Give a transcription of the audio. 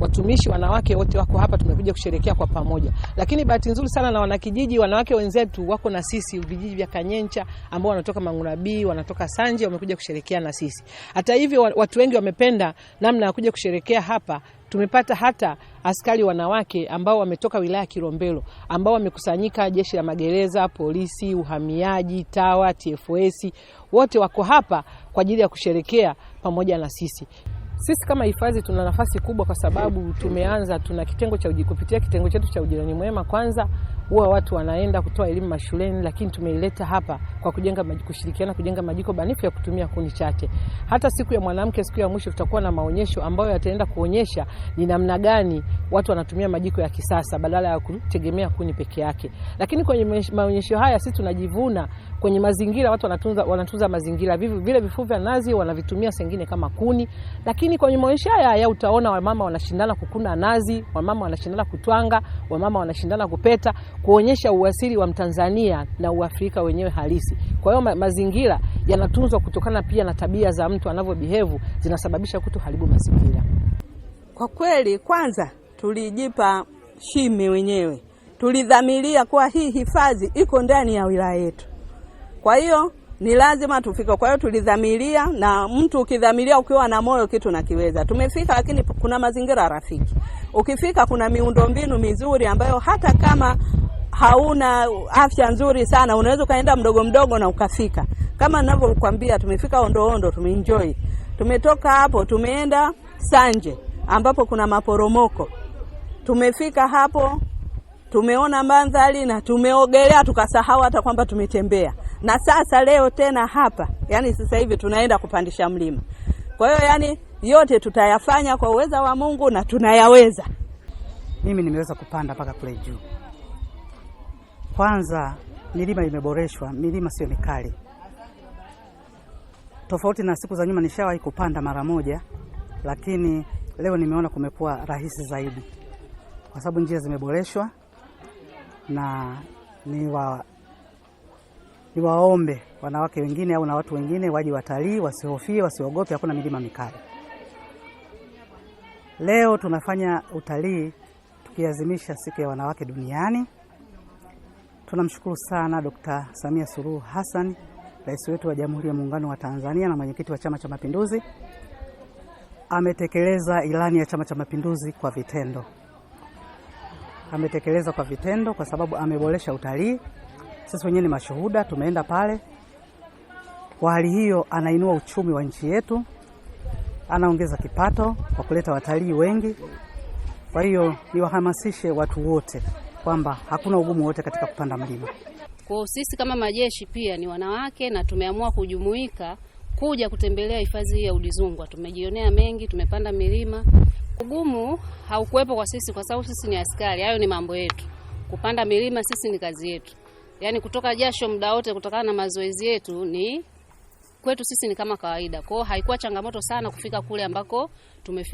watumishi wanawake wote wako hapa, tumekuja kusherekea kwa pamoja. Lakini bahati nzuri sana na wanakijiji wanawake wenzetu wako na sisi, vijiji vya Kanyencha ambao wanatoka Mangurabi, wanatoka Sanje, wamekuja kusherekea na sisi. Hata hivyo, watu wengi wamependa namna ya kuja kusherekea hapa. Tumepata hata askari wanawake ambao wametoka wilaya ya Kilombero ambao wamekusanyika, jeshi la magereza, polisi, uhamiaji, TAWA, TFS, wote wako hapa kwa ajili ya kusherekea pamoja na sisi. Sisi kama hifadhi tuna nafasi kubwa, kwa sababu tumeanza, tuna kitengo cha kupitia kitengo chetu cha ujirani mwema. Kwanza huwa watu wanaenda kutoa elimu mashuleni, lakini tumeileta hapa kwa kujenga, kushirikiana kujenga majiko banifu ya kutumia kuni chache. Hata siku ya mwanamke, siku ya mwisho, tutakuwa na maonyesho ambayo yataenda kuonyesha ni namna gani watu wanatumia majiko ya kisasa badala ya kutegemea kuni peke yake. Lakini kwenye maonyesho haya sisi tunajivuna kwenye mazingira watu wanatunza, wanatunza mazingira. Vile vifuu vya nazi wanavitumia sengine kama kuni, lakini kwenye maisha haya utaona wamama wanashindana kukuna nazi, wamama wanashindana kutwanga, wamama wanashindana kupeta, kuonyesha uasili wa Mtanzania na Uafrika wenyewe halisi. Kwa hiyo ma, mazingira yanatunzwa kutokana pia na tabia za mtu anavyobehave zinasababisha haribu mazingira. Kwa kweli, kwanza tulijipa shime wenyewe, tulidhamiria kuwa hii hifadhi iko ndani ya wilaya yetu kwa hiyo ni lazima tufike. Kwa hiyo tulidhamiria, na mtu ukidhamiria, ukiwa na moyo, kitu nakiweza. Tumefika, lakini kuna mazingira rafiki. Ukifika kuna miundombinu mizuri ambayo hata kama hauna afya nzuri sana, unaweza ukaenda mdogo mdogo na ukafika. Kama ninavyokuambia, tumefika Ondoondo, tumeenjoy. Tumetoka hapo tumeenda Sanje ambapo kuna maporomoko. Tumefika hapo tumeona mandhari na tumeogelea, tukasahau hata kwamba tumetembea na sasa leo tena hapa, yani sasa hivi tunaenda kupandisha mlima. Kwa hiyo yani yote tutayafanya kwa uweza wa Mungu na tunayaweza. Mimi nimeweza kupanda mpaka kule juu. Kwanza milima imeboreshwa, milima sio mikali, tofauti na siku za nyuma. Nishawahi kupanda mara moja, lakini leo nimeona kumekuwa rahisi zaidi kwa sababu njia zimeboreshwa na ni wa niwaombe wanawake wengine au na watu wengine waje watalii, wasihofie, wasiogope, hakuna milima mikali. Leo tunafanya utalii tukiazimisha siku ya wanawake duniani. Tunamshukuru sana Dkt. Samia Suluhu Hassan, rais wetu wa Jamhuri ya Muungano wa Tanzania na mwenyekiti wa Chama cha Mapinduzi, ametekeleza ilani ya Chama cha Mapinduzi kwa vitendo. Ametekeleza kwa vitendo kwa sababu ameboresha utalii sisi wenyewe ni mashuhuda, tumeenda pale. Kwa hali hiyo, anainua uchumi wa nchi yetu, anaongeza kipato kwa kuleta watalii wengi. Kwa hiyo niwahamasishe watu wote kwamba hakuna ugumu wote katika kupanda mlima. Kwa sisi kama majeshi pia ni wanawake na tumeamua kujumuika kuja kutembelea hifadhi hii ya Udzungwa. Tumejionea mengi, tumepanda milima. Ugumu haukuwepo kwa sisi kwa sababu sisi ni askari, hayo ni mambo yetu. Kupanda milima sisi ni kazi yetu yani kutoka jasho muda wote kutokana na mazoezi yetu ni kwetu sisi ni kama kawaida. kwao haikuwa changamoto sana kufika kule ambako tume